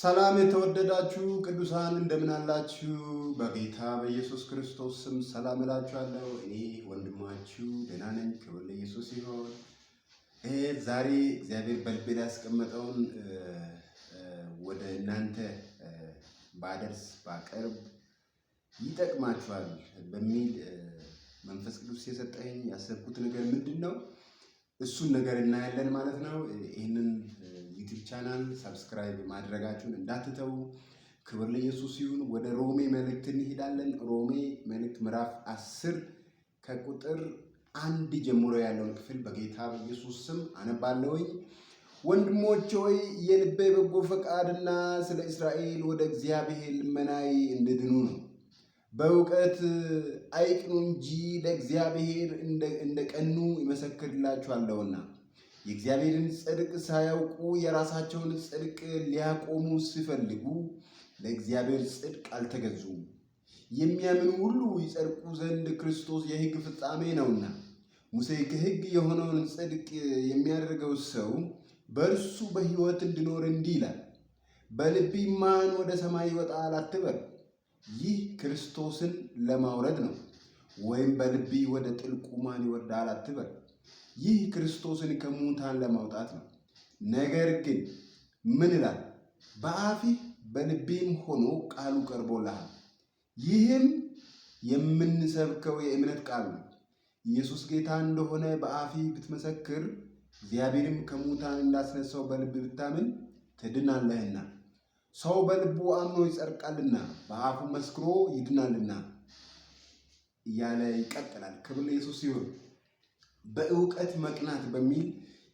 ሰላም የተወደዳችሁ ቅዱሳን እንደምን አላችሁ? በጌታ በኢየሱስ ክርስቶስ ስም ሰላም እላችኋለሁ። እኔ ወንድማችሁ ደህና ነኝ። ክብር ለኢየሱስ ይሁን። ዛሬ እግዚአብሔር በልቤ ያስቀመጠውን ወደ እናንተ ባደርስ ባቀርብ ይጠቅማችኋል በሚል መንፈስ ቅዱስ የሰጠኝ ያሰብኩት ነገር ምንድን ነው? እሱን ነገር እናያለን ማለት ነው። ይህንን ዩቲዩብ ቻናል ሰብስክራይብ ማድረጋችሁን እንዳትተው። ክብር ለኢየሱስ ይሁን። ወደ ሮሜ መልእክት እንሄዳለን። ሮሜ መልእክት ምዕራፍ አስር ከቁጥር አንድ ጀምሮ ያለውን ክፍል በጌታ በኢየሱስ ስም አነባለሁኝ። ወንድሞች ሆይ የልቤ በጎ ፈቃድና ስለ እስራኤል ወደ እግዚአብሔር ልመናይ እንድድኑ ነው። በእውቀት አይቅኑ እንጂ ለእግዚአብሔር እንደ ቀኑ ይመሰክርላችኋለሁና የእግዚአብሔርን ጽድቅ ሳያውቁ የራሳቸውን ጽድቅ ሊያቆሙ ሲፈልጉ ለእግዚአብሔር ጽድቅ አልተገዙም። የሚያምኑ ሁሉ ይጸድቁ ዘንድ ክርስቶስ የሕግ ፍጻሜ ነውና። ሙሴ ከሕግ የሆነውን ጽድቅ የሚያደርገው ሰው በእርሱ በሕይወት እንዲኖር እንዲህ ይላል፣ በልብ ማን ወደ ሰማይ ይወጣል አትበል። ይህ ክርስቶስን ለማውረድ ነው። ወይም በልብ ወደ ጥልቁ ማን ይወርዳል አትበል ይህ ክርስቶስን ከሙታን ለማውጣት ነው። ነገር ግን ምን ይላል? በአፍህ በልቤም ሆኖ ቃሉ ቀርቦልሃል። ይህም የምንሰብከው የእምነት ቃል ነው። ኢየሱስ ጌታ እንደሆነ በአፊ ብትመሰክር እግዚአብሔርም ከሙታን እንዳስነሳው በልብ ብታምን ትድናለህና። ሰው በልቡ አምኖ ይጸድቃልና በአፉ መስክሮ ይድናልና እያለ ይቀጥላል። ክብር ኢየሱስ ይሁን። በእውቀት መቅናት በሚል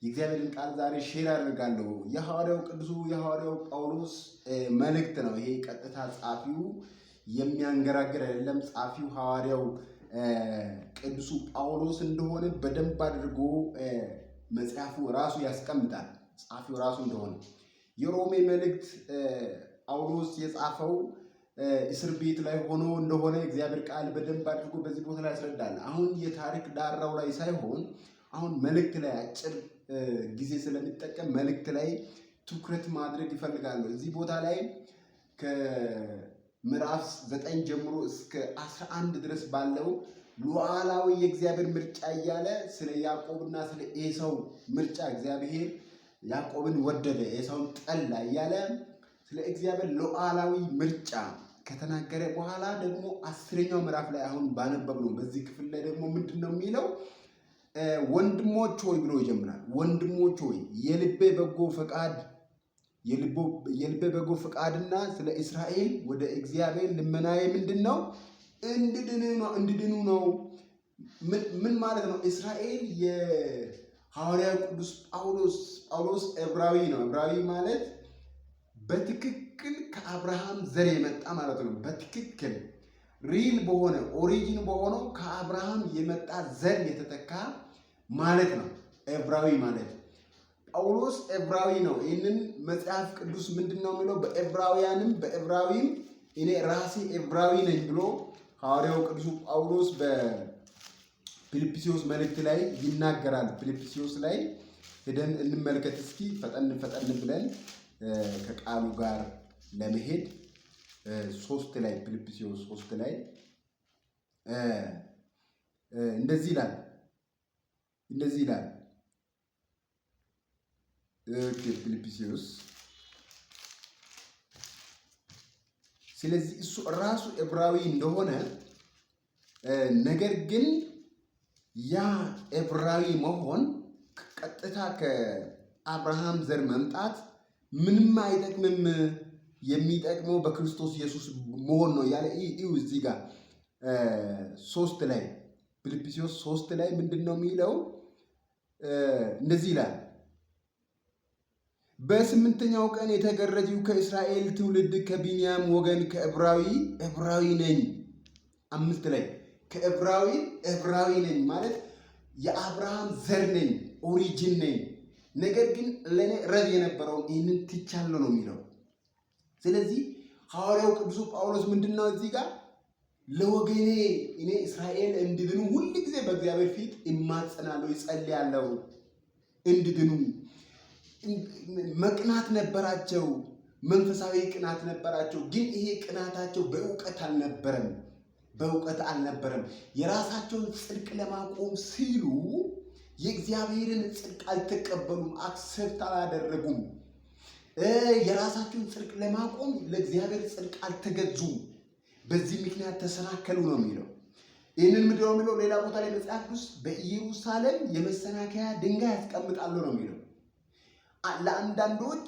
የእግዚአብሔርን ቃል ዛሬ ሼር አድርጋለሁ። የሐዋርያው ቅዱሱ የሐዋርያው ጳውሎስ መልእክት ነው። ይሄ ቀጥታ ጻፊው የሚያንገራግር አይደለም። ጻፊው ሐዋርያው ቅዱሱ ጳውሎስ እንደሆነ በደንብ አድርጎ መጽሐፉ ራሱ ያስቀምጣል። ጻፊው ራሱ እንደሆነ የሮሜ መልእክት ጳውሎስ የጻፈው እስር ቤት ላይ ሆኖ እንደሆነ እግዚአብሔር ቃል በደንብ አድርጎ በዚህ ቦታ ላይ ያስረዳል። አሁን የታሪክ ዳራው ላይ ሳይሆን አሁን መልእክት ላይ አጭር ጊዜ ስለሚጠቀም መልእክት ላይ ትኩረት ማድረግ ይፈልጋሉ። እዚህ ቦታ ላይ ከምዕራፍ ዘጠኝ ጀምሮ እስከ አስራ አንድ ድረስ ባለው ሉዓላዊ የእግዚአብሔር ምርጫ እያለ ስለ ያዕቆብና ስለ ኤሳው ምርጫ እግዚአብሔር ያዕቆብን ወደደ፣ ኤሳውን ጠላ እያለ ስለ እግዚአብሔር ሉዓላዊ ምርጫ ከተናገረ በኋላ ደግሞ አስረኛው ምዕራፍ ላይ አሁን ባነበብነው በዚህ ክፍል ላይ ደግሞ ምንድን ነው የሚለው? ወንድሞች ሆይ ብሎ ይጀምራል። ወንድሞች ሆይ የልቤ በጎ ፈቃድ የልቤ በጎ ፈቃድና ስለ እስራኤል ወደ እግዚአብሔር ልመናዬ ምንድን ነው? እንድድኑ ነው። ምን ማለት ነው? እስራኤል የሐዋርያ ቅዱስ ጳውሎስ ጳውሎስ ዕብራዊ ነው። ዕብራዊ ማለት በትክክል ከአብርሃም ዘር የመጣ ማለት ነው። በትክክል ሪል በሆነ ኦሪጂን በሆነው ከአብርሃም የመጣ ዘር የተተካ ማለት ነው። ኤብራዊ ማለት ጳውሎስ ኤብራዊ ነው። ይህንን መጽሐፍ ቅዱስ ምንድን ነው የሚለው? በኤብራውያንም በኤብራዊም እኔ ራሴ ኤብራዊ ነኝ ብሎ ሐዋርያው ቅዱሱ ጳውሎስ በፊልጵስዩስ መልእክት ላይ ይናገራል። ፊልጵስዩስ ላይ ሄደን እንመልከት እስኪ ፈጠን ፈጠን ብለን ከቃሉ ጋር ለመሄድ ሶስት ላይ ፊልጵስዩስ ሶስት ላይ እንደዚህ ይላል እንደዚህ ይላል ፊልጵስዩስ ስለዚህ እሱ ራሱ ዕብራዊ እንደሆነ ነገር ግን ያ ዕብራዊ መሆን ቀጥታ ከአብርሃም ዘር መምጣት ምንም አይጠቅምም፣ የሚጠቅመው በክርስቶስ ኢየሱስ መሆን ነው እያለ ይህ እዚህ ጋር ሶስት ላይ ፊልጵስዩስ ሶስት ላይ ምንድን ነው የሚለው? እንደዚህ ይላል በስምንተኛው ቀን የተገረጂው ከእስራኤል ትውልድ ከቢንያም ወገን ከዕብራዊ ዕብራዊ ነኝ። አምስት ላይ ከዕብራዊ ዕብራዊ ነኝ ማለት የአብርሃም ዘር ነኝ፣ ኦሪጂን ነኝ ነገር ግን ለእኔ ረብ የነበረውን ይህንን ትቻለሁ ነው የሚለው። ስለዚህ ሐዋርያው ቅዱሱ ጳውሎስ ምንድን ነው እዚህ ጋር ለወገኔ እኔ እስራኤል እንድድኑ ሁል ጊዜ በእግዚአብሔር ፊት እማጸናለሁ፣ ይጸልያለሁ እንድድኑ። መቅናት ነበራቸው፣ መንፈሳዊ ቅናት ነበራቸው። ግን ይሄ ቅናታቸው በእውቀት አልነበረም፣ በእውቀት አልነበረም። የራሳቸውን ጽድቅ ለማቆም ሲሉ የእግዚአብሔርን ጽድቅ አልተቀበሉም፣ አክሰብት አላደረጉም። የራሳቸውን ጽድቅ ለማቆም ለእግዚአብሔር ጽድቅ አልተገዙም። በዚህ ምክንያት ተሰናከሉ ነው የሚለው። ይህንን ምድረ የሚለው ሌላ ቦታ ላይ መጽሐፍ ውስጥ በኢየሩሳሌም የመሰናከያ ድንጋይ ያስቀምጣሉ ነው የሚለው ለአንዳንዶች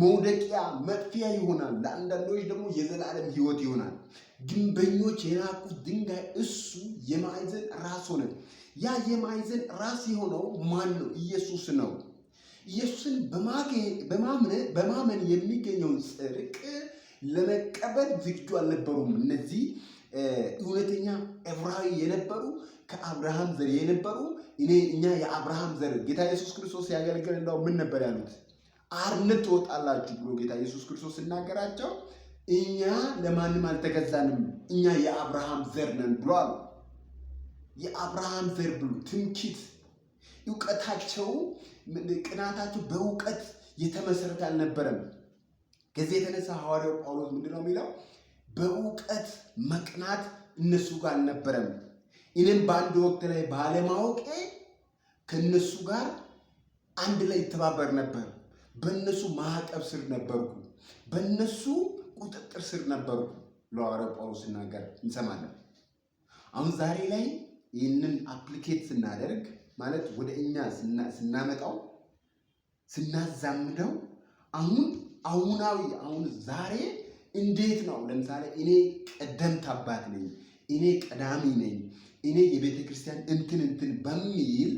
መውደቂያ መጥፊያ ይሆናል። ለአንዳንዶች ደግሞ የዘላለም ህይወት ይሆናል። ግንበኞች የናቁት ድንጋይ እሱ የማዕዘን ራስ ሆነ። ያ የማዕዘን ራስ የሆነው ማን ነው? ኢየሱስ ነው። ኢየሱስን በማመን የሚገኘውን ጽድቅ ለመቀበል ዝግጁ አልነበሩም። እነዚህ እውነተኛ ዕብራዊ የነበሩ ከአብርሃም ዘር የነበሩ እኔ እኛ የአብርሃም ዘር ጌታ ኢየሱስ ክርስቶስ ሲያገለግል እንደው ምን ነበር ያሉት? አርነት ትወጣላችሁ ብሎ ጌታ ኢየሱስ ክርስቶስ ሲናገራቸው እኛ ለማንም አልተገዛንም፣ እኛ የአብርሃም ዘር ነን ብሎ አሉ። የአብርሃም ዘር ብሎ ትምኪት እውቀታቸው፣ ቅናታቸው በእውቀት የተመሰረተ አልነበረም። ከዚህ የተነሳ ሐዋርያው ጳውሎስ ምንድን ነው የሚለው? በእውቀት መቅናት እነሱ ጋር አልነበረም። እኔም በአንድ ወቅት ላይ ባለማወቄ ከእነሱ ጋር አንድ ላይ ይተባበር ነበር በእነሱ ማዕቀብ ስር ነበርኩ፣ በእነሱ ቁጥጥር ስር ነበርኩ ለሐዋርያው ጳውሎስ ሲናገር እንሰማለን። አሁን ዛሬ ላይ ይህንን አፕሊኬት ስናደርግ ማለት ወደ እኛ ስናመጣው ስናዛምደው አሁን አሁናዊ አሁን ዛሬ እንዴት ነው? ለምሳሌ እኔ ቀደምት አባት ነኝ፣ እኔ ቀዳሚ ነኝ፣ እኔ የቤተ ክርስቲያን እንትን እንትን በሚል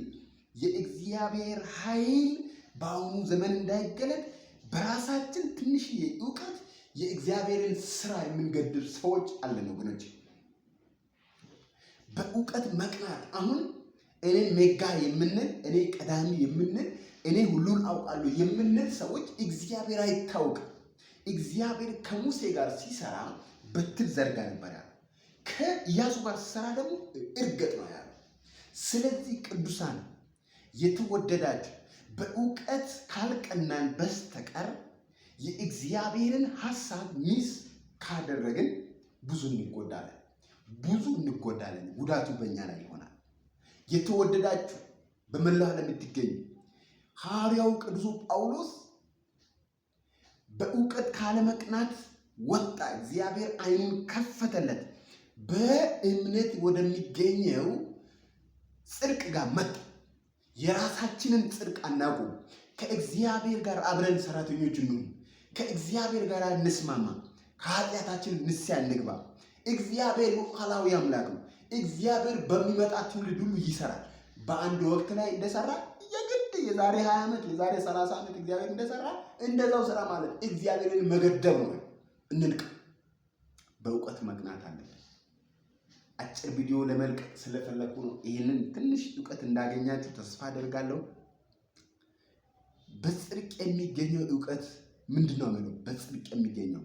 የእግዚአብሔር ኃይል በአሁኑ ዘመን እንዳይገለጥ በራሳችን ትንሽ እውቀት የእግዚአብሔርን ስራ የምንገድር ሰዎች አለን ወገኖች። በእውቀት መቅናት አሁን እኔ ሜጋ የምንል እኔ ቀዳሚ የምንል እኔ ሁሉን አውቃለሁ የምንል ሰዎች እግዚአብሔር አይታወቅም። እግዚአብሔር ከሙሴ ጋር ሲሰራ በትር ዘርጋ ነበር ያለ፣ ከኢያሱ ጋር ሲሰራ ደግሞ እርገጥ ነው ያለ። ስለዚህ ቅዱሳን የተወደዳችሁ በእውቀት ካልቀናን በስተቀር የእግዚአብሔርን ሀሳብ ሚስ ካደረግን ብዙ እንጎዳለን፣ ብዙ እንጎዳለን። ጉዳቱ በእኛ ላይ ይሆናል። የተወደዳችሁ በመላው ዓለም የምትገኙ ሐዋርያው ቅዱሱ ጳውሎስ በእውቀት ካለመቅናት ወጣ፣ እግዚአብሔር ዓይኑን ከፈተለት፣ በእምነት ወደሚገኘው ጽድቅ ጋር መጣ። የራሳችንን ጽድቅ አናቁም። ከእግዚአብሔር ጋር አብረን ሰራተኞች እንሁን። ከእግዚአብሔር ጋር እንስማማ። ከኃጢአታችን ንስሐ እንግባ። እግዚአብሔር ሉዓላዊ አምላክ ነው። እግዚአብሔር በሚመጣ ትውልድ ሁሉ ይሰራል። በአንድ ወቅት ላይ እንደሰራ የግድ የዛሬ 20 ዓመት የዛሬ 30 ዓመት እግዚአብሔር እንደሰራ እንደዛው ስራ ማለት እግዚአብሔርን መገደብ ነው። እንንቅ። በእውቀት መቅናት አለብን። አጭር ቪዲዮ ለመልቀቅ ስለፈለኩ ነው። ይህንን ትንሽ እውቀት እንዳገኛችሁ ተስፋ አደርጋለሁ። በጽድቅ የሚገኘው እውቀት ምንድን ነው የሚለው በጽድቅ የሚገኘው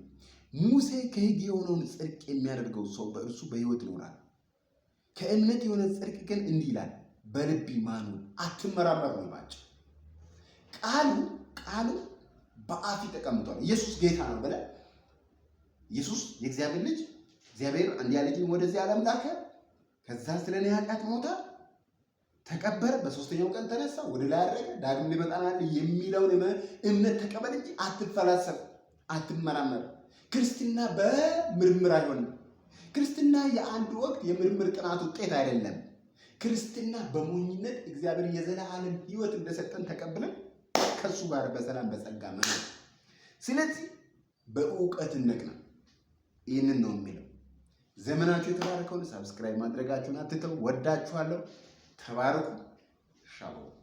ሙሴ ከሕግ የሆነውን ጽድቅ የሚያደርገው ሰው በእርሱ በሕይወት ይኖራል። ከእምነት የሆነ ጽድቅ ግን እንዲህ ይላል፣ በልብ ማኑ አትመራመር ነው ቃሉ ቃሉ በአፍ ተቀምጧል። ኢየሱስ ጌታ ነው ብለህ ኢየሱስ የእግዚአብሔር ልጅ እግዚአብሔር አንድያ ልጅ ወደዚህ ዓለም ላከ። ከዛ ስለ እኔ ኃጢአት ሞተ፣ ተቀበረ፣ በሶስተኛው ቀን ተነሳ፣ ወደ ላይ አረገ፣ ዳግም ሊመጣናል የሚለውን እምነት ተቀበል እንጂ አትፈላሰብ፣ አትመራመር። ክርስትና በምርምር አይሆንም። ክርስትና የአንድ ወቅት የምርምር ጥናት ውጤት አይደለም። ክርስትና በሞኝነት እግዚአብሔር የዘላለም ሕይወት እንደሰጠን ተቀብለን ከሱ ጋር በሰላም በጸጋ መኖር። ስለዚህ በእውቀት እንደቅና ይህንን ነው የሚለው። ዘመናችሁ የተባረከውን። ሰብስክራይብ ማድረጋችሁን አትተው። ወዳችኋለሁ። ተባረኩ። ሻሎም